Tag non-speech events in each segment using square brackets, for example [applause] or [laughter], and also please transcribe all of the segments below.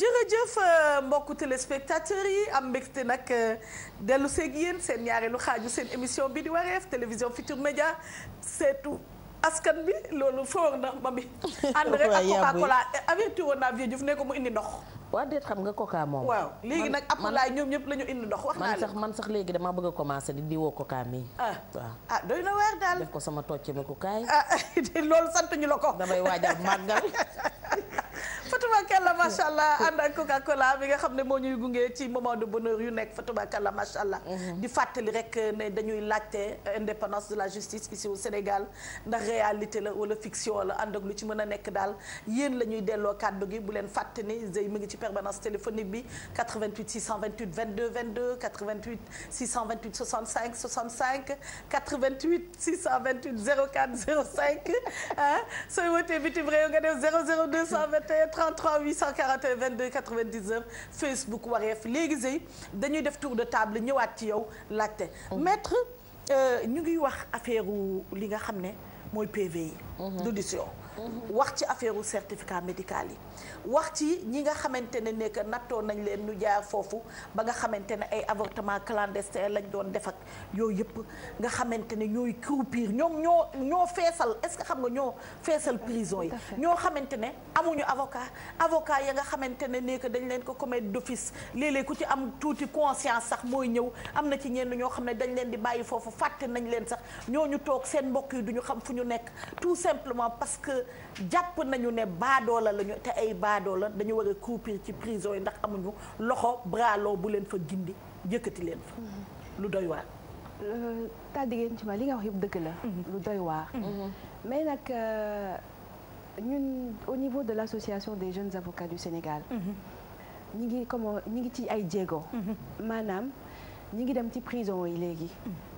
jërëjëf euh, mbokku téléspectateurs yi am mbégte nag euh, dellu seeg yéen seen ñaareelu xaaju seen émission bi di wareef télévision Futur Média seetu askan bi loolu foor na ma bi [laughs] ànd rek ak coca cola averti woon naa vieux ne ko mu indi ndox waa déet xam nga coca moom waaw léegi nag apalaay ñoom ñëpp la ñu indi ndox wax naa man sax man sax léegi damaa bëgg a commencé di diwoo coca mii ah waaw ah doy na waar daal def ko sama tocc mi ko kaay ah [laughs] loolu sant ñu la ko damay waajal màggal [laughs] Fatubaakalla [laughs] macha allah ànd ak Coca Cola bi nga xam ne moo ñuy gunge ci moment de bonheur yu nekk Fatubaakalla macha allah. Mhm. di fàttali rek euh, dañuy laajte euh, indépendance de la justice ici Sénégal ndax réalité la wala fiction la ànd lu ci mën a nekk daal yéen la delloo kàddu gi bu leen fàtte ni Zey mu ngi ci permanence téléphonique bi 88 628 22 22 88 628 65 65 88 628 04 05 ah sooy wootee bitim réew nga def 33 841 22 99 Facebook Wareef léegi sëy dañuy def tour de table ñëwaat ci yow laajte. Mhm. maître euh, ñu ngi wax affaire li nga xam ne mooy PV yi. Mhm. d'audition. wax ci affaire certificat médical yi wax ci ñi nga xamante ne nekk nattoo nañ leen ñu jaar foofu ba nga xamante ne ay avortement clandestin lañ doon def yooyu yëpp nga xamante ne ñooy croupir ñoom ñoo ñoo feesal est-ce que xam nga ñoo feesal prison yi ñoo xamante ne amuñu avocat avocat ya nga xamante ne nekk dañ leen ko commettre d'office léeg-léeg ku ci am tuuti conscience sax mooy ñëw am na ci ñenn ñoo xam ne dañ leen di bàyyi foofu fàtte nañ leen sax ñoo ñooñu toog seen mbokk yi duñu xam fu ñu nekk jàpp nañu ne baadoola lañu te ay baadoola dañu war a croupir ci prison yi ndax amuñu loxo bralon bu leen fa gindi yëkkati leen fa lu doy waar tàddigéen ci ma li nga wax yëpp dëgg la mhm. lu doy waar mhm. Mhm. mais nag euh, ñun au niveau de l'association des jeunes avocats du Sénégal ñi ngi comment ñu ngi ci ay jéego maanaam ñi ngi dem ci prison yi léegi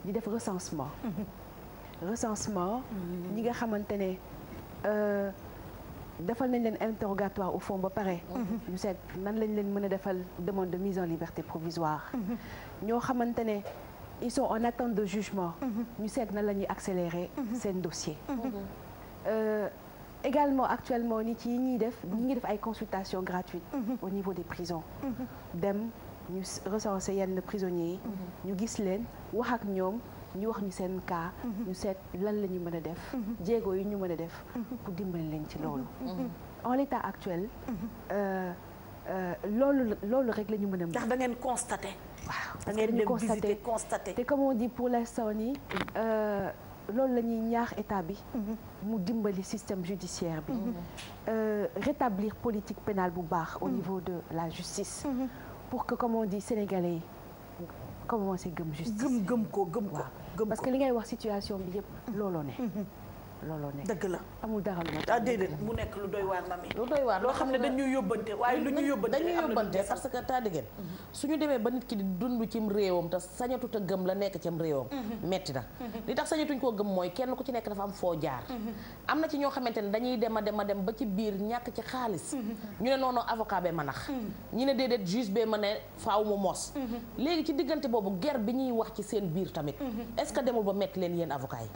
di def recensement recensement ñi nga xamante Euh, defal nañ leen interrogatoire au fond ba pare. Mhm. ñu seet nan lañ leen mën a defal demande de mise en liberté provisoire. Mhm. ñoo xamante ne ils sont en attente de jugement. Mhm. ñu seet nan la ñuy accélérer seen dossier. Euh, également actuellement nit yi ñuy def ñi ngi def ay consultations gratuites. au niveau des prisons. dem ñu recenser yenn prisonniers yi. ñu gis leen wax ak ñoom. ñu wax ñu seen cas mhm. ñu seet lan la ñu mën a def mhm. jéego yi ñu mën a def mhm. pour dimbali leen ci loolu en l'état actuel euh, euh, loolu loolu rek la ñu mën a ndax da ngeen constaté waaw da dem visiter constaté te comme on dit pour l'instant nii euh, loolu la ñuy ñaax état bi mu dimbali système judiciaire bi rétablir politique pénale bu baax au niveau de la justice pour que comme on dit sénégalais yi commencé gëm justice gëm gëm ko gëm ko parce que li ngay wax situation bi yëpp looloo ne mm-hmm. looloo nekk dëgg la amul dara lu ma ah, déedéet mu nekk lu doy waar mami lu doy loo xam ne dañuy yóbbante waaye lu ñu yóbbante dañuy yóbbante parce que taa diggéen mhm. ñu demee ba nit ki di dund cim réewam te sañatut a gëm la nekk cim réewam mhm. metti na mhm. li tax sañatuñ koo gëm mooy kenn ku ci nekk dafa am foo jaar am na ci ñoo xamante ne dañuy dem a dem a dem ba ci biir ñàkk ci xaalis ñu ne noonu avocat bee ma nax ñu ne déedéet juge bee ma ne faaw mu moos léegi ci diggante boobu guerre bi ñuy wax ci seen biir tamit ce que demul ba metti leen yéen avocat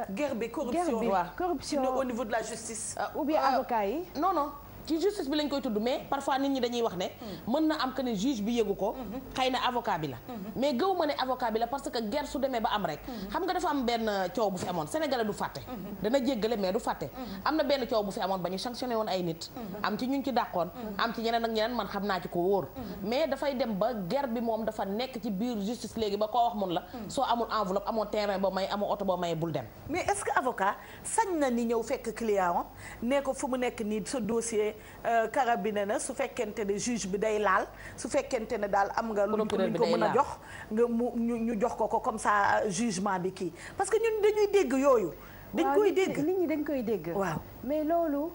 Euh, guerre bi corruption. guerre bi corruption au niveau de la justice. Euh, ou bien euh, avocat yi non non. ci justice bi lañ koy tudd mais parfois nit ñi dañuy wax ne mën na am que ne juge bi yëgu ko xëy na avocat bi la mais gëw ma ne avocat bi la parce que guerre su demee ba am rek xam nga dafa am benn coow bu fi amoon sénégalais du fàtte dana jéggale mais du fàtte am na benn coow bu fi amoon ba ñu sanctionné woon ay nit am ci ñun ci dàqoon am ci ñeneen ak ñeneen man xam naa ci ko wóor mais dafay dem ba guerre bi moom dafa nekk ci biir justice léegi ba koo wax mun la soo amul enveloppe amoo terrain boo may amoo oto boo may bu dem mais est que avocat sañ ni ñëw fekk client ne ko fu mu nekk nii sa dossier Euh, carabine na su fekkente ne juge bi day laal su fekkente ne daal am nga luñ ko mën a jox nga mu ñu jox ko ko comme ça euh, jugement bi kii parce que ñu dañuy dégg yooyu dañ koy dégg nit ñi dañ koy dégg waaw mais loolu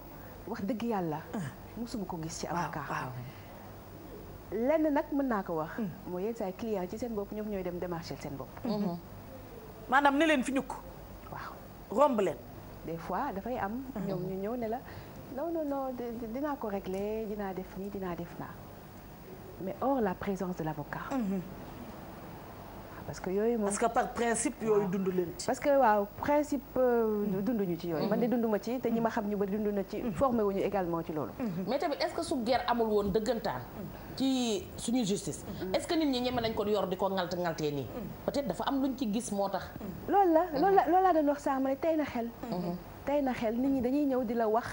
wax dëgg yàlla ah. mosuma ko gis ci avocat lenn nag mën naa ko wax hmm. mooy yenn ci seen bopp ñoom ñooy dem démarché seen bopp hmm. mhm. maanaam ne leen fi ñukk waaw romb leen des fois dafay am hmm. ñoom ñu ñëw ne la non non non dinaa ko régler dinaa def nii dinaa def naa mais hors la présence de l'avocat mmh. parce que yooyu moom parce que par principe yooyu dund leen ci. parce que waaw principe euh, mhm. ñu ci yooyu. man de mhm. dunduma ci te ñi ma xam ñu ba dundu na ci. Mhm. formé ñu également ci loolu. mais tamit est-ce que su guerre amul woon dëggantaan. ci suñu justice. est-ce que nit ñi ñeme nañ ko yor di ko ŋalt ŋaltee nii. peut-être dafa am luñ ci gis moo tax. loolu la loolu la loolu laa doon wax sax ma tey na xel. tey na xel nit ñi dañuy ñëw di la wax.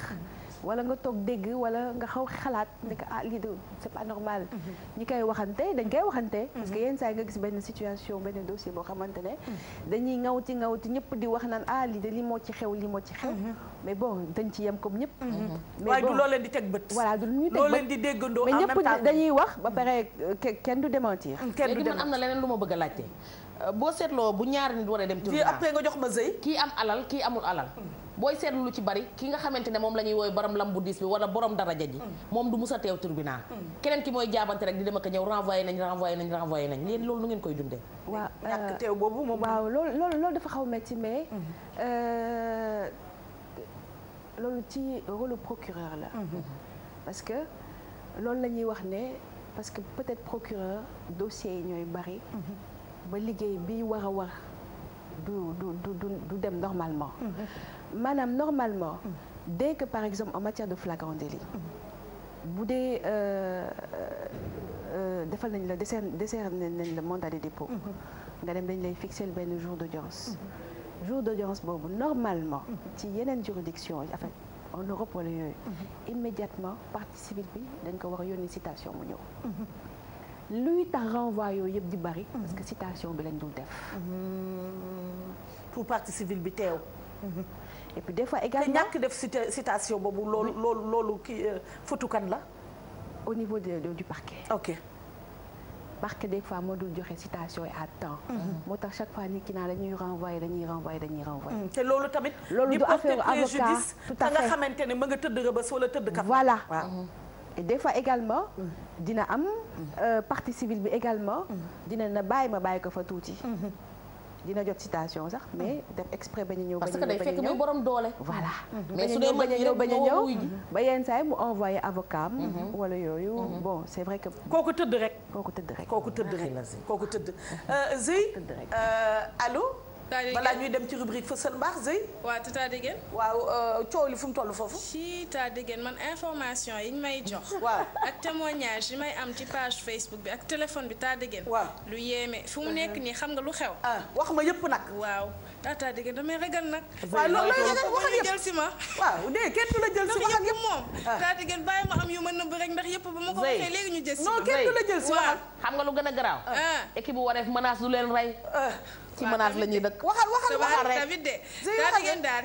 wala nga toog dégg wala nga xaw xalaat ne que ah lii de c'est pas normal. Mm-hmm. ñi koy waxante dañ koy waxante. Mm-hmm. parce que yenn saa yi nga gis benn situation benn dossier boo xamante ne. Mm-hmm. dañuy ngawti ngawti ñëpp di wax naan ah lii de lii moo ci xew lii moo ci xew. mais bon dañ ci yem comme ñëpp. mais bon waaye du loo leen di teg bët. voilà du ñuy teg bët loo leen di déggandoo en même temps dañuy wax ba pare kenn du démentir. Mm, kenn du démentir léegi man am na leneen lu ma bëgg a laajte. Euh, boo seetloo bu ñaari nit war a dem. tur après nga jox ma sëy kii am alal kii amul alal mm. booy seetlu lu ci bari ki nga xamante ne moom lañuy ñuy wooy borom lam bu diis bi wala borom daraja ji moom du musa teew tribunal keneen ki mooy jaabante rek di dem ak ñëw renvoyé nañ renvoyé nañ renvoyé nañ leen loolu nu ngeen koy dundee waaw teew euh, boobu moom waaw loolu loolu loolu dafa xaw metti mais mm-hmm. euh, loolu ci rôle procureur la mm-hmm. parce que loolu la ñuy wax ne parce que peut-être procureur dossier yi ñooy bari mm-hmm. ba liggéey bi war a war du du du du dem normalement. Mm-hmm. maanaam normalement. Mm-hmm. dès par exemple en matière de flagrant délit. Mm-hmm. bu dee euh, euh, euh, defal nañ la décer décer nañ la mandat de dépôt. nga dem dañ lay fixer benn jour d'audience. jour d'audience boobu normalement. ci yeneen juridiction en fait Europe wala yooyu. immédiatement partie civile bi dañ ko war a yónni citation mu ñëw. luy tax renvoi yooyu yëpp di bari. parce que citation bi lañ dul def. pour partie civile bi teew. et puis des fois également te ñàkk def citation boobu loolu mm. loolu loolu kii fotu euh, kan la. au niveau de, de, du parquet. ok parquet des fois moo dul joxe citation yi à temps. Mm-hmm. moo tax chaque fois nit ki naan dañuy renvoyer dañuy renvoyer dañuy renvoyer. Mm, te loolu tamit. loolu du affaire avocat tout à fait nga xamante ne mën nga tëdd rëbës wala tëdd kap. voilà. Mm et des fois également dina am euh, parti civile bi également dina na bàyyi ma bàyyi ko fa tuuti dina jot citation sax mais def exprès bañ a ñëw. parce day fekk muy borom doole. voilà mhm. mais su bañ a ñëw ba yenn saa mu envoyé avocat am. Mhm. wala yooyu mhm. bon c' est vrai que. kooku tëdd rek. kooku tëdd rek kooku tëdd rek kooku tëdd. Euh, Zey euh, allo. balaa ñuy dem ci rubrique fësal mbaax Zey. waaw tata Degen. waaw euh, coow li fu mu foofu. ci tata man information yi ñu may jox. [laughs] waaw ak témoignage yi may am ci page Facebook bi ak téléphone bi tata Degen. waaw lu yéeme fu mu nekk nii xam nga lu xew. ah wax ma yëpp nag. waaw tata Degen damay ragal nag. waaw loolu lay ragal waxal yëpp jël si ma. waaw dee kenn du la jël si waxal yëpp moom. Ah. tata Degen bàyyi ma am yu ma nëbb rek ndax yëpp ba ma ko waxee léegi ñu jël si. la jël si waxal. xam nga lu gën a ci menace la ñuy waxal waxal waxal rek tamit de daa ngeen daal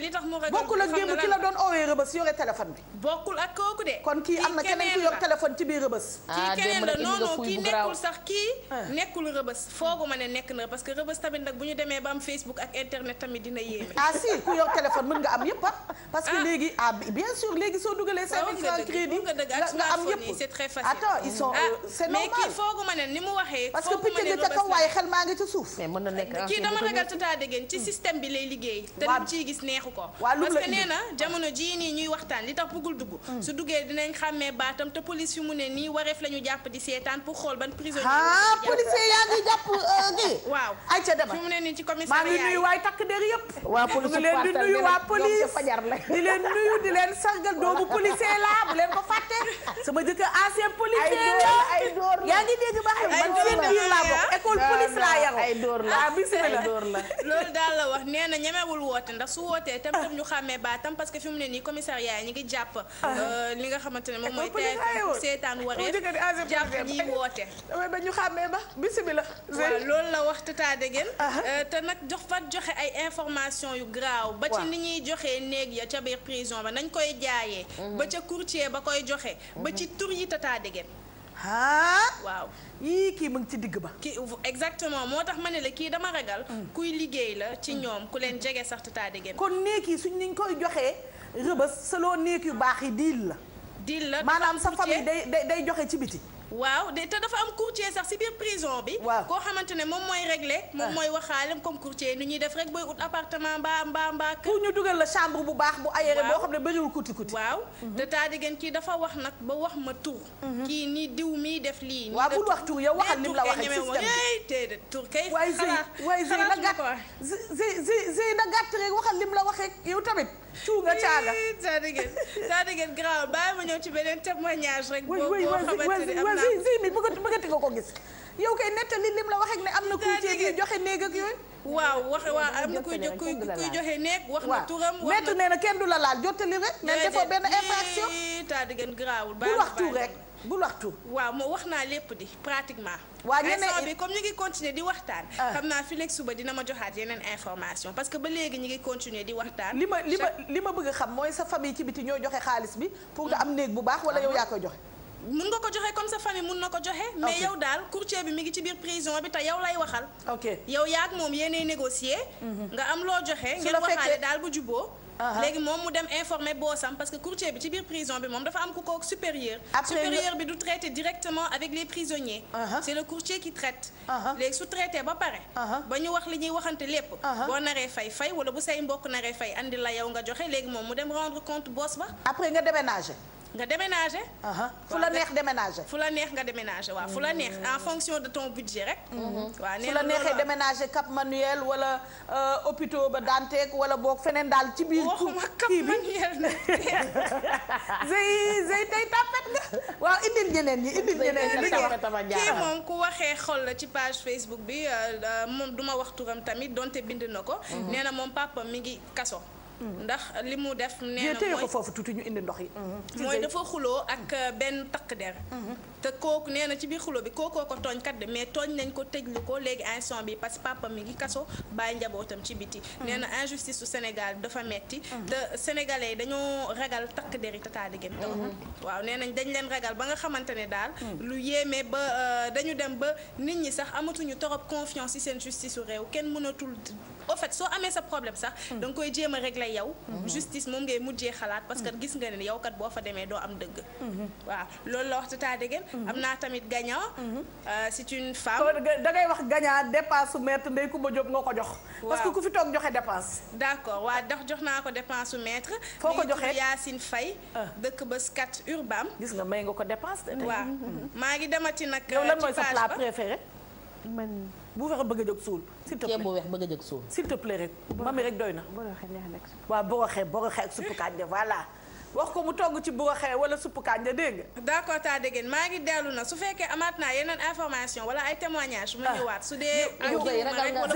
li tax mu ragal bokkul ak démb ki la doon oowee rëbës yore téléphone bi bokkul ak kooku de kon kii am na keneen ku yor téléphone ci biir rëbës kii ah, keneen la non non kii ah. rëbës parce que rëbës tamit nag bu ñu demee ba am Facebook ak internet tamit dina yéeme ah si ku yor téléphone mën nga am yëpp ah. parce que léegi ah bien sûr léegi soo dugalee cinq mille francs crédit nga am yëpp c'est mu waxee. parce que picc nga ca kaw waaye xel maa ngi ci suuf. mais mën na nekk kii dama ragal tata dégg ci hmm. système bi lay liggéey. Hmm. la ñu jàpp di seetaan pour xool ban prisonnier. ah policier yaa ngi jàpp kii. Euh, [laughs] waaw ayca dama fi mu ne nii ci commissariat maa ngi nuyu waay takk der yëpp. waa police di leen di nuyu waa police di leen nuyu di leen sargal doomu [laughs] policier laa bu leen ko fàtte sama jëkkër ancien policier la ay door yaa ngi dégg baax man seen biir laa ah, police laa yaroo ay dóor la ah, ay dóor la loolu daal la wax nee na ñemewul woote ndax su wootee tam tam ñu xàmmee baatam parce que fi mu ne nii commissariat yi ñu ngi jàpp ah. euh, li nga xamante ne moom mooy tey seetaan waree jàpp ñiy woote damay ba ñu xàmmee ba bismillah waaw loolu la wax tata dégeen euh, te nag jox fa joxe ay information yu graaw ba ci ni ñuy joxee néeg ya ca biir prison ba nañ koy jaayee mm-hmm. ba ca courtier ba koy joxe ba ci tur yi tata dégeen ah. waaw yii kii mu ngi ci digg ba. kii exactement moo tax ma ne la kii dama ragal. Mm. kuy liggéey la ci ñoom ku leen jege sax te taa kon néeg yi suñ niñ koy joxee rëbës selon néeg yu baax yi diil la. diil la maanaam sa day day day joxe ci biti. waaw de te dafa am courtier sax si biir prison bi. waaw koo xamante ne moom mooy régler. moom ah. mooy waxaale comme courtier nu ñuy def rek booy ut appartement mbaa mbaa mbaa. pour ñu dugal la chambre bu baax bu aéré boo xam ne bëriwul kuti kuti. waaw mhm. te taa kii dafa wax nag ba wax ma tur. Mhm. kii ni diw mii def lii. waaw bul wax tur yow waxal nim la waxee système bi tey tur kay. waay Zey waay Zey na gàtt Zey Zey Zey na gàtt rek waxal lim la waxee yow tamit. cuuga caaga taa diggante taa diggante ma ñëw ci beneen témoignage rek. boo boo xamante ne am zi zi bi bëggati ko gis yow kay nettali lim la wax am na kuy ceeb joxe néeg ak yooyu waaw wax waaw am na kuy kuy joxe nekk wax na turam mettu nee na kenn du la laal jottali rek mais defoo benn infraction taa di gën garaawul bul wax tuur rek bul wax tuur waaw moo wax naa lépp di pratiquement waa ñeneen comme ñu ngi di waxtaan ah. xam naa fi léegi suba dina joxaat yeneen information parce que ba léegi ñu ngi continuer di waxtaan li ma li ma li ma bëgg xam mooy sa famille ci biti ñoo joxe xaalis bi pour nga mm. am néeg bu baax wala yow yaa koy joxe mun nga ko joxe comme sa famille mun na ko joxe. mais yow daal courtier bi mi ngi ci biir prison bi te yow lay waxal. ok yaa yaak moom yéenay négocier. Mhm. nga am loo joxe. ngeen waxaale daal bu juboo léegi moom mu dem informer boosam parce que courtier bi ci biir prison bi moom dafa am ku ko supérieur. supérieur bi du traité directement avec les prisonniers. c' est le courtier qui traite. léegi su traité ba pare. ba ñu wax li ñuy waxante lépp. boo naree fay fay wala bu say mbokk naree fay andi la yow nga joxe léegi moom mu dem rendre compte boos ba. après nga déménager. nga déménager. fu la neex déménager. fu la neex nga déménager waaw fu la neex en fonction de ton budget rek. Mhm. waaw nee fu la neexee déménager Cap Manuel wala euh, hôpitaux ba Dantec wala boog feneen daal ci biir. waxuma Cap Manuel na [laughs] zey zey tey tapet nga. waaw indil ñeneen ñi indil ñeneen ñi. kii moom ku waxee xol la ci page Facebook bi euh, euh, moom duma wax turam tamit donte bind na ko. Mhm. nee na moom papa mi ngi kaso. ndax li mu def nee na foofu tuuti ñu indi ndox yi mhm. mooy dafa xuloo ak euh, benn takk der mhm. te kooku nee na ci biir xuloo bi kookoo ko tooñ kat de mais tooñ nañ ko tëjlu ko léegi instant bi parce que papa mi ngi kaso bàyyi njabootam ci biti mhm. nee na injustice su Sénégal dafa metti te sénégalais dañoo ragal takk der yi tata diggéen waaw nee nañ dañ leen ragal ba nga xamante ne daal lu yéeme ba euh, dañu dem ba nit ñi sax amatuñu torop confiance ci seen justice su réew kenn mënatul au fait soo amee sa problème sax hmm. danga nga koy jéem a régler yow hmm. justice moom ngay mujjee xalaat parce que hmm. gis nga ne yow kat boo fa demee doo am dëgg waaw loolu la wax tata dégg am naa tamit gagnant euh, c'est une femme da ngay wax gagnant dépense su maître ku Coumba Diop nga ko jox parce que ku fi toog joxe dépense d'accord waa ndax jox naa ko dépense su maître foo ko joxee Yacine fay ah. dëkk ba skat urbam gis nga may nga ko dépense waaw maa ngi demati nag yow lan euh, mooy sa plat préféré man bu weex bëgg a jóg suul. s'il te plaît a jóg suul. s'il te plaît rek mami rek doy na. waaw boroxe boroxe ak suppu kànja voilà. wax ko mu togg ci boroxe wala suppu kànja dégg nga. d'accord taa dégg maa ngi dellu na su fekkee amaat naa yeneen information wala ay témoignages. ma ah. ñëwaat su dee. yow ragal nga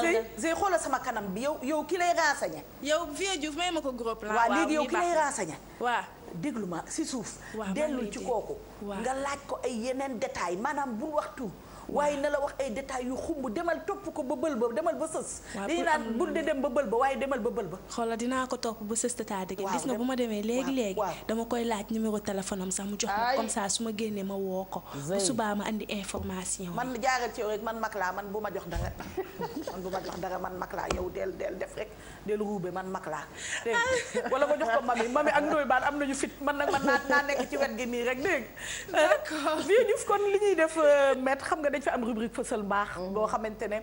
ragal nga sama kanam bi yow yow ki lay renseigné. yow Vieux Diouf may ma ko gros plan. waaw léegi yow ki lay renseigné. waa déglu ma si suuf. dellul ci kooku. nga laaj ko ay yeneen détails maanaam bu waxtu waaye na la wax ay détails yu xumb demal topp ko ba bël ba demal ba sës dañu naan bul de dem ba bël ba waaye demal ba bël ba xoola dinaa ko topp ba sës tataa dëgg gis nga bu ma demee léegi-léegi dama koy laaj numéro téléphone am sax mu jox ma comme ça su ma génnee ma woo ko bu subaa ma indi information man jaaral ci yow man mag laa man bu ma jox dara [laughs] man bu ma jox dara man mag laa yow del del def rek del ruube man mag laa dégg [laughs] wala nga jox ko mami mami ak ndoy baan am nañu fit man nag man naa naa nekk ci wet gi nii rek dégg d'accord vieux Diouf kon li ñuy def euh, maître xam nga dañ fi am rubrique fësal mbaax mm. boo xamante ne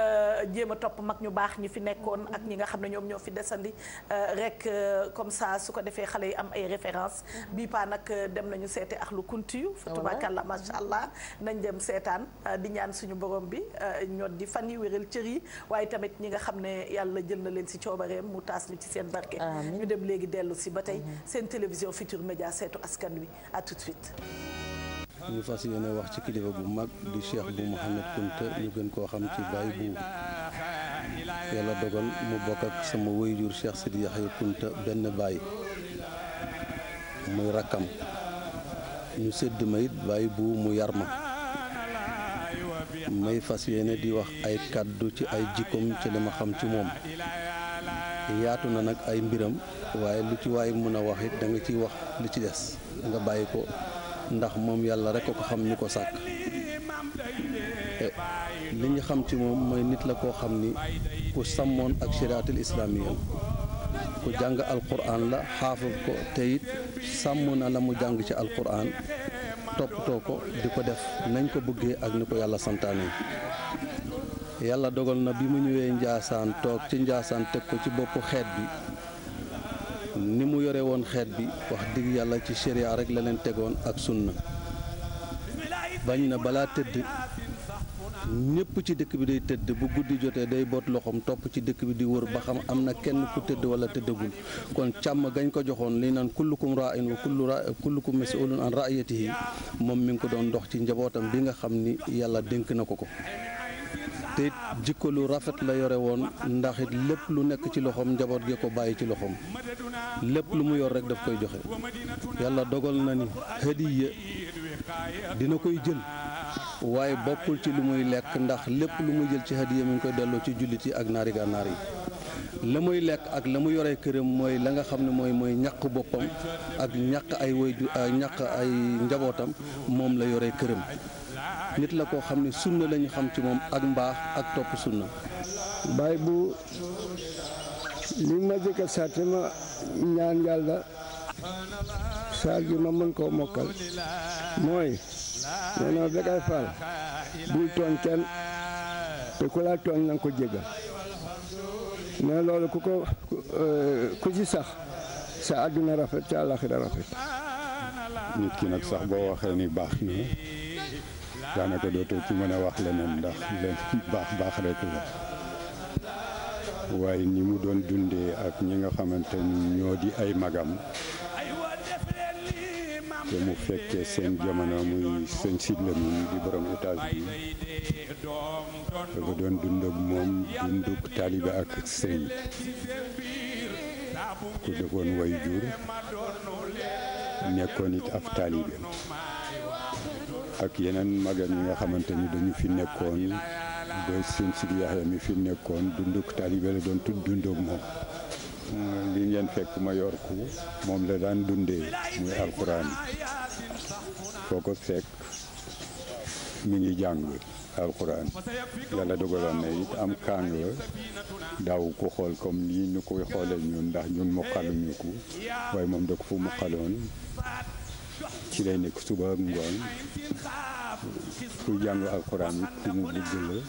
euh, jéem a topp mag ñu baax ñi fi nekkoon ak ñi nga xam ne ñoom ñoo fi desandi euh, rek comme ça su ko defee xale yi am ay référence mm. bii paa nag dem nañu seete ak lu kuntiyu ah, fatabakàlla masha nañ dem seetaan di ñaan suñu borom bi ñoo di fan yi wéral cër yi waaye tamit ñi nga xam ne yàlla jël na leen si coobareem mu taas ñu ci seen barke ñu dem léegi dellu si ba tey seen télévision Futurs Médias seetu askan wi à tout suite ñu fas yéene wax ci kilifa bu mag di cheikh bu Mouhamed Kounta ñu gën koo xam ci Baye Boubou yàlla dogal mu bokk ak benn baay rakkam ñu sédd ma it Baye mu yar ma may fas yéene di wax ay kàddu ci ay jikkoom ci li xam ci moom yaatu na nag ay mbiram waaye lu ci waay mën a wax danga da ciy wax li ci des nga bàyyi ko ndax moom yàlla rek ko xam ñu ko sàkk eh, li ñu xam ci moom mooy nit la koo xam ni ku sàmmoon ak shariatul islamiya ku jàng alquran la xaafal ko te it sàmm na la mu jàng ci alquran toppatoo ko di ko def nañ ko bëggee ak ni ko yàlla santaane yàlla dogal na bi mu ñëwee Njaasaan toog ci Njaasaan teg ko ci boppu xeet bi ni mu yore woon xeet bi wax dëgg yàlla ci sharia rek la tegoon ak sunna bañ na balaa tëdd ñëpp ci dëkk bi day tëdd bu guddi jotee day boot loxoom topp ci dëkk bi di wër ba xam am na kenn ku tëdd wala tëddagul kon càmm gañ ko joxoon li naan kullukum raa'in wa kullu ra kullukum mas'ulun an moom mi ngi ko doon dox ci njabootam bi nga xam ni yàlla dénk na ko ko te jikko lu rafet la yore woon ndaxit lépp lu nekk ci loxoom njaboot gi ko bàyyi ci loxoom lépp lu mu yor rek daf koy joxe yàlla dogal na ni hadiya dina koy jël waaye bokkul ci lu muy lekk ndax lépp lu mu jël ci hadiya mi ngi koy delloo ci jullit yi ak naari gànnaar yi la muy lekk ak la mu yoree këram mooy la nga xam ne mooy mooy ñàkk boppam ak ñaq ay woy ñàkk ay njabootam moom la yore këram nit la koo xam ne sunna lañu xam ci moom ak mbaax ak topp sunna baay bu li ma jëkk a saate ma ñaan yàlla saar gi ma mën koo mokkal mooy nee na ma Bécaye Fall buy tooñ kenn te ku laa tooñ na ko jéggal mais loolu ku ko ku ci sax sa àdduna rafet sa àllaaxira rafet nit ki nag sax boo waxee ni baax na daanaka dootoo ci mën a wax leneen ndax leen baax baax rek la waaye ni mu doon dundee ak ñi nga xamante ñoo di ay magam te mu fekkee seen jamono muy sëñ Sidy Lamine di borom étage bi dafa doon dund ak moom dunduk taalibe ak sëñ ku defoon way jur nekkoon it ab taalibe ak yeneen magan yi nga xamante ni dañu fi nekkoon ba seen Sidi Yaxya mi fi nekkoon dunduk taalibe la doon tudd dundoog moom li ngeen fekk ma moom la daan dundee muy alxuraan foo ko fekk mu ngi jàng alxuraan yàlla dogaloon na it am kàng la daaw ko xool comme ni ñu koy xoolee ñun ndax ñun mokkaluñu ko waaye moom da ko fu mokkaloon ci lay nekk suba ak ngoon ku jàng alxuraan ku mu bëgg la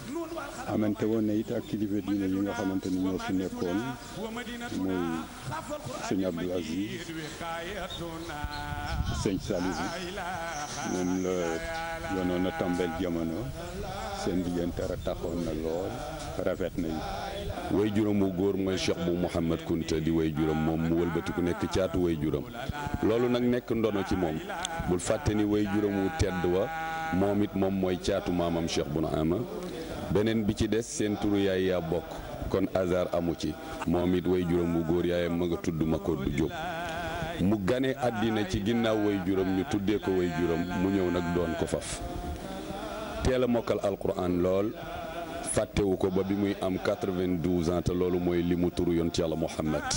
amante woon na it ak kilifa diine yi nga xamante ni ñoo fi nekkoon muy sëñ Abdou Aziz sëñ Saliou moom la yoonoon a tàmbel jamono seen diggante taxoon na lool rafet nañ way juróom wu góor mooy Cheikh bu Mouhamad Kunta di way juróom moom mu wëlbatiku nekk caatu way juróom loolu nag nekk ndono ci moom bul fàtte ni way juróom wu tedd wa moom it moom mooy caatu maamam Cheikh bu ama beneen bi ci des seen turu yaay yaa bokk kon hasard amu ci moom it way juróom wu góor yaayam ma nga tudd ma ko du jóg mu gane àddina ci ginnaaw way juróom ñu tuddee ko way juróom mu ñëw nag doon ko faf teel a mokkal alquran lool fàttewu ko ba bi muy am 92 ans te loolu mooy li mu turu yoon ci yàlla Muhammad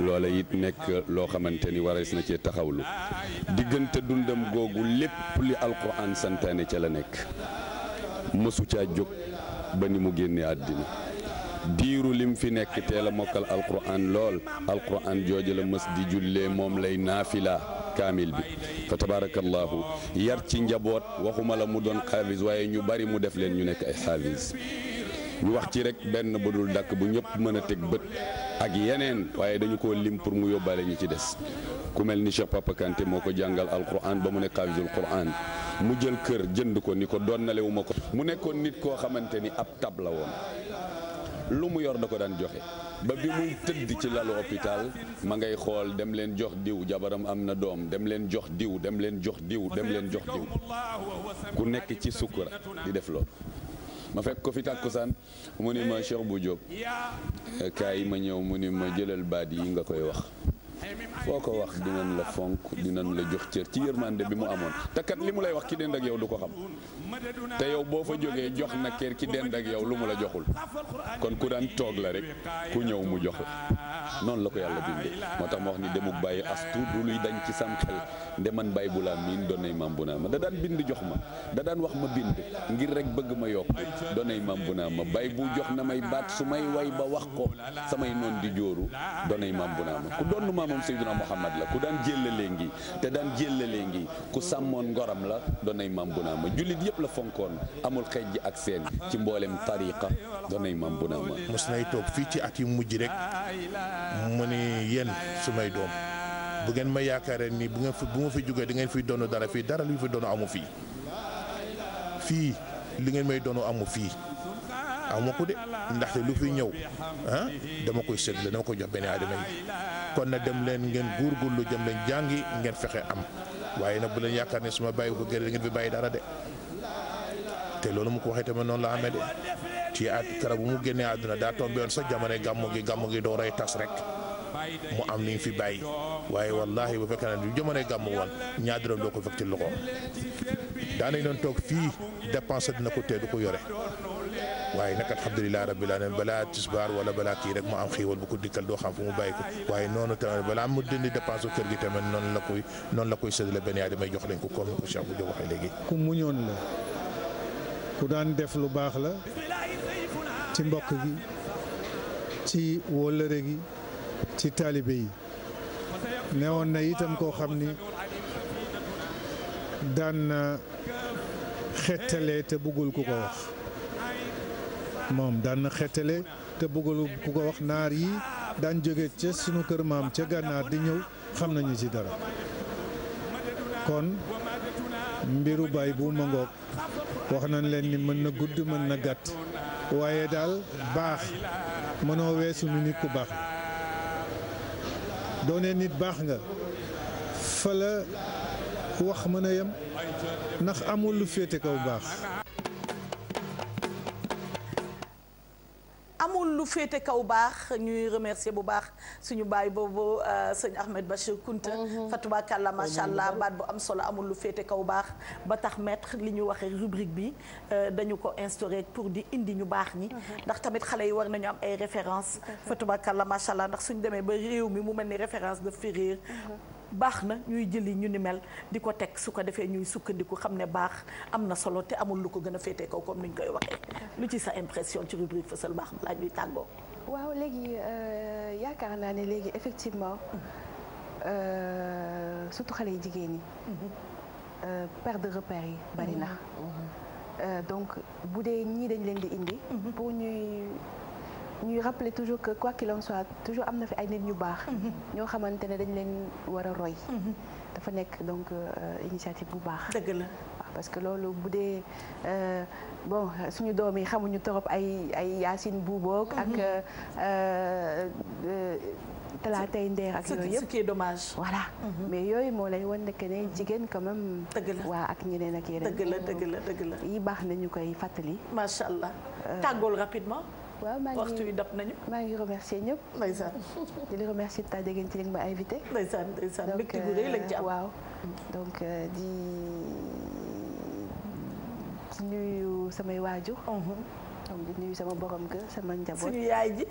loola it nekk loo xamante ni warees na cee taxawlu diggante dundam googu lépp li alquran santaane ca la nekk mësu caa jóg ba ni mu génnee àddina diiru lim fi nekk teel a mokkal alquran lool alquran jooju la mës di jullee moom lay naafila kaamil bi fa tabaarakallaahu yar ci njaboot waxuma la mu doon xaafis waaye ñu bari mu def leen ñu nekk ay xaafis ñu wax ci rek benn bu dul dàkk bu ñëpp mën a teg bët ak yeneen waaye dañu ko lim pour mu yóbbaale ñi ci des ku mel ni Cheikh Papa moo ko jàngal alquran ba mu ne xaafisul quran mu jël kër jënd ko ni ko donnale wu ma ko mu nekkoon nit koo xamante ni ab tab la woon lu mu yor da ko daan joxe ba bi muy tëdd ci lalu hôpital ma ngay xool dem leen jox diw jabaram am na doom dem leen jox diw dem leen jox diw dem leen jox diw ku nekk ci sukkura di def loolu ma fekk ko fi tàkkusaan mu ni ma Cheikh bu Diop kaay ma ñëw mu ni ma jëlal baat yi nga koy wax foo ko wax dinañ la fonk dinañ la jox cër ci yërmande bi mu amoon te li mu lay wax ki dend ak yow du ko xam te yow boo fa jógee jox na kër ki dend ak yow lu mu la joxul kon ku daan toog la rek ku ñëw mu jox la noonu la ko yàlla bindee moo tax ma wax ni demuk bàyyi astu du luy dañ ci sam xel nde man bàyyi bu laa miin doonay maam bu naa ma da daan bind jox ma da daan wax ma bind ngir rek bëgg ma yokk doonay maam bu naa ma bay bu jox na may baat su may way ba wax ko samay noon di jóoru moom Seydina Muhammad la ku daan jéllalee léegi te daan jéllalee léegi ku sàmmoon ngoram la doonay maam Bunaama jullit yëpp la fonkoon amul xejj ak seen ci mboolem tariqa doonay maam Bunaama mos nay toog fii ci at yu mujj rek mu ni yéen su may doom bu ngeen ma yaakaaree ni bu ngeen fi bu ma fi jógee di ngeen fiy doon dara fii dara lu fi doon amu fii fii li ngeen may doon amu fii am ma ko de ndaxte lu fi ñëw ah dama koy séddale dama koy jox benn aadama yi kon na dem leen ngeen lu jëm leen jàngi ngeen fexe am waaye nag bu leen yaakaar ne suma bàyyi ko gërëm ngeen fi bàyyi dara de te loolu mu ko waxee tamit noonu la amee de ci at kara bu mu génnee àdduna daa tombé oon sa jamono gàmmu gi gàmmu gi doo rey tas rek mu am ni fi bàyyi waaye wallahi bu fekkee ne du jamono gàmmu woon ñaar dërëm doo ko fekk ci loxoom daanañ doon toog fii dépensé dina ko tee du ko yore. waaye nag alhamdulilah rabbil alamin balaa tisbaar wala balaa kii rek mu am xiiwal bu ko dikkal doo xam fu mu bàyyi ko waaye noonu tamit balaa mu dindi dépense kër gi tamit noonu la koy noonu la koy séddale benn yaay damay jox lañ ko comme ko Cheikh bu jox waxee léegi. ku muñoon la ku daan def lu baax la ci mbokk gi ci wóllëre gi ci taalibe yi newoon na itam koo xam ni daan na xettalee te bëggul ku ko wax. moom daan na te bëggalu ku ko wax naar yi daan jóge ca sunu kër maam ca gànnaar di ñëw xam nañu ci dara kon mbiru bay bu ma ngoog wax na leen ni mën na gudd mën na gàtt waaye daal baax mënoo weesu nu nit ku baax doone nit baax nga fa la wax mën a yem ndax amul lu féete kaw baax féete kaw baax ñuy remercier bu baax suñu baay boobu euh, sëñ Ahmed Bachir Kounta mhm. la macha allah baat bu am solo amul lu féete kaw baax ba tax maître li ñu waxee rubrique bi euh, dañu ko instauré pour di indi ñu baax ñi mhm. ndax tamit xale yi war nañu am ay référence la macha allah ndax suñu demee ba réew mi mu mel ni référence de férir baax na ñuy jëli ñu ni mel di ko teg su ko defee ñuy sukkandiku xam ne baax am na solo te amul lu ko gën a féetee kow comme ni ñu koy waxee. lu ci sa impression ci rubrique fësal baax balaa ñuy tàggoo. waaw léegi euh, yaakaar naa ne léegi effectivement euh, surtout xale yi jigéen ñi. Euh, perte de repères yi bari na. Mm-hmm. donc bu dee ñii dañ leen di indi. Mm-hmm. pour ñuy. ñuy rappeler toujours que quoi qu'il soit toujours am na fi ay nit ñu baax. Mm-hmm. ñoo xamante ne dañ leen war a roy. Mm-hmm. dafa nekk donc euh, initiative bu baax. dëgg la parce que loolu bu dee euh, bon suñu doom yi xamuñu torop ay ay Yaasin Buuboog. ak mm-hmm. euh, talaatay ndeer ak yooyu yëpp ce qui est mais yooyu moo lay wan nekk jigéen quand même. dëgg la waa ak ñeneen ak yeneen. dëgg dëgg dëgg la. yi baax na ñu koy fàttali. macha allah tàggool rapidement. waaw maa ngi waxtu maa ngi remercier ñëpp. ndeysaan di la remercier ta dégg ci li ma invité. ndeysaan ndeysaan mbégte gu rëy lañ ci euh, waaw donc euh, di nuyu samay waajur. Mhm. donc di nuyu sama borom kër sama njaboot suñu yaay ji.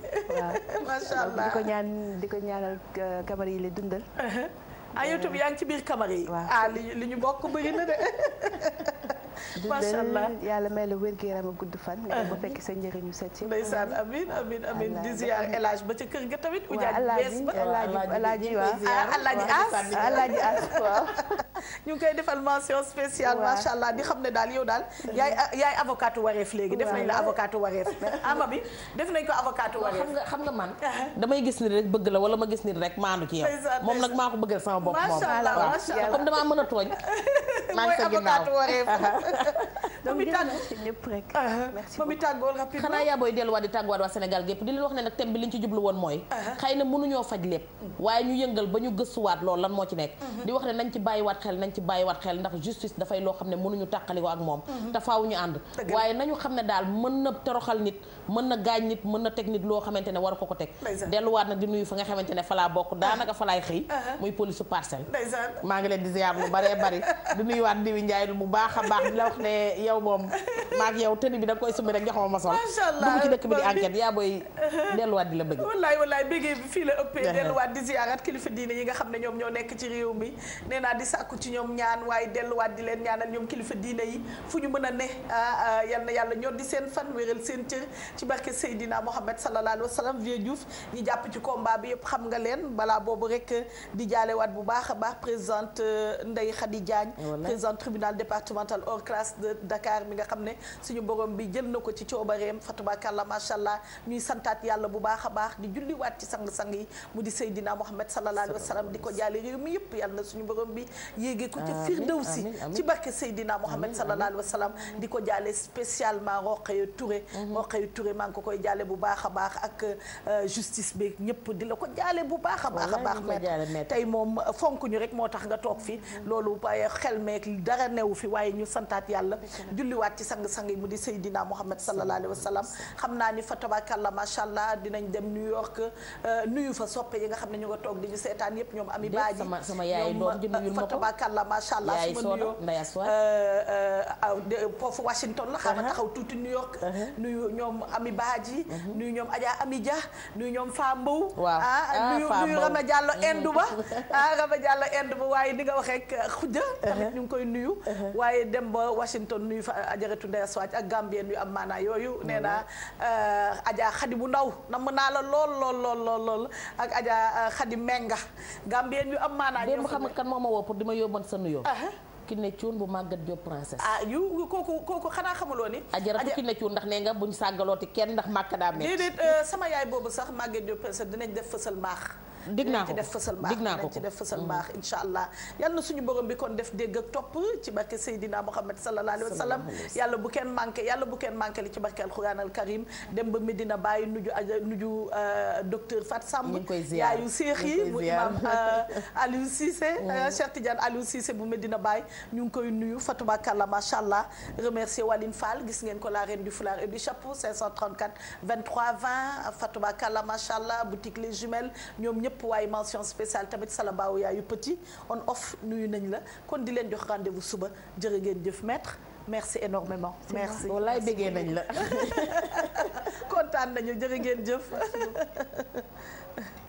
waaw [laughs] di ko ñaan di ko ñaanal kamara euh, yi la dundal. Uh-huh. ah yow itam yaa ngi ci biir kamara yi. waaw ah, li ñu bokk bëri na de. [laughs] macha allah yàlla may la wér-gu-yaram ak gudd fan. nga ba fekk sa njëriñu set ci. ndeysaan amiin di [laughs] [laughs] ñu ngi koy defal mention spéciale. waaw macha allah di xam ne daal yow daal. Mm-hmm. yaay ah, yaay avocat wareef léegi def nañ la avocat wareef. [laughs] ama bi def nañ ko avocat wareef. xam nga xam damay gis bëgg la wala ma gis nit rek maandu ci yow. moom nag maa ko bëggal sama bopp moom. macha allah macha comme damaa mën a tooñ maa ngi sa ginnaaw mami tàggoo ci lépp rek. Ah, delluwaat di tàgguwaat waa Sénégal gépp di wax ne nag thème bi liñ ci jublu woon mooy. Ah. xëy na mënuñoo faj lépp. Mm. waaye ñu yëngal ba ñu gëstuwaat loolu lan moo ci nekk. Mm-hmm. di wax ne nañ ci bàyyiwaat xel nañ ci bàyyiwaat xel ndax justice dafay loo xam ne mënuñu tàqali ko ak moom. Mm-hmm. te faaw ñu ànd. waaye nañu xam ne daal mën na toroxal nit mën na gaañ nit mën na teg nit loo xamante ne war ko ko teg. delluwaat nag di nuyu fa nga xamante ne fa laa bokk ah. maa ngi leen di ziar lu baree bari di nuyuwaat Ndiwi Ndiaye la yow moom [laughs] maak yow tëni bi da koy summi rek joxoo ma sol dugg ci dëkk bi di enquête yaa booy delluwaat di la bëgg [laughs] wallaay wallaay bëggee bi fii la ëppee delluwaat di ziyaarat kilifa diine yi nga xam ne ñoom ñoo nekk ci réew mi nee naa di sàkku ci ñoom ñaan waaye delluwaat di leen ñaanal ñoom kilifa diine yi fu ñu mën a ne ah, ah, yàlla ñoo di seen fan wéral seen cër ci barke Seydina Mohamed sallallahu alayhi wa sallam ñi jàpp ci combat bi yëpp xam nga a baax euh, Dakar mi nga xam ne suñu borom bi jël na ko ci coobareem fatabakàlla macha allah ñuy santaat yàlla bu baax a baax di julliwaat ci sang-sang yi mu di Seydina Muhammad sallallahu alayhi wa sallam di ko jaale réew mi yëpp yàlla suñu borom bi yéegee ko ci firdaw si ci barke Seydina Muhammad sallallahu alayhi wa sallam di ko jaale spécialement Roqaya Touré mhm. Roqaya Touré maa ngi ko koy jaale bu baax a baax ak euh, justice bi ñëpp di la ko jaale bu baax a baax a baax maître tey moom euh, fonk ñu rek moo tax nga toog fi mhm. loolu xel meek dara newu fi waaye ñu santaat yàlla julliwaat ci sang-sang yi mu di Seydina Muhammad sallallahu alayhi wa sallam xam a ni fa tabakallah macha allah dinañ dem New York euh, nuyu fa soppe yi nga xam ne ñu nga toog di ñu seetaan yépp ñoom ami baaji sama yaay doom ji nuyul ma ko fa tabakallah macha allah su ma nuyoo euh, euh, foofu Washington la xama uh-huh. taxaw tuuti New York uh-huh. nuyu ñoom ami baaji uh-huh. nuyu ñoom Adja Ami ja nuyu ñoom Fa Mbow ah, ah nuyu nuyu Rama Diallo Indou mm. ba [laughs] ah Rama Diallo Indou ba waaye di nga wax rek xujja tamit ñu koy nuyu waaye dem ba Washington yu fa ajaratu Ndeye Sowaaj ak Gambien yu am maanaa yooyu mm-hmm. nee naa euh, Adja Xadi bu ndaw namm naa la lool lool lool lool lool ak Adja Xadi euh, Menga Gambien yu am maanaa démb xam nga kan moo ma woo pour di ma yóbboon sa nuyoo ah, ah. ki ne cuun bu màggat Diop princesse ah yu kooku kooku xanaa xamuloo ni ajaratu ki ne cuun ndax nee nga buñ sàggalooti kenn ndax màkk daa euh, sama yaay boobu sax màggat Diop princesse dinañ def fësal mbaax dig naa ko def fësal mbaax mm. dig ko ci def fësal mbaax incha allah yal na suñu borom bi kon def dégg ak topp ci barke Seydina Muhammad sallallahu alayhi wa sallam yàlla bu kenn manqué yàlla bu kenn manqué li ci barke alquran al karim dem ba Medina Baye nuju aja ah, nuju euh, docteur Fat Samb yaayu séex yi mu imam euh, [laughs] Aliou Cissé euh, mm. Cheikh Tidiane Aliou Cissé bu Medina Baye ñu ngi koy nuyu fatubakallah macha allah remercier Waline Fall gis ngeen ko la reine du foulard et du chapeau 534 23 20 fatubakallah macha allah boutique les jumelles ñoom ñëpp waaye mention spéciale tamit sala mbaaw yaayu petit on off nuyu nañ la kon di leen jox rendez-vous suba jërë ngeen jëf maître merci énormément merci wallaay bëggee nañ la [laughs] kontaan nañu jërë ngeen jëf [laughs]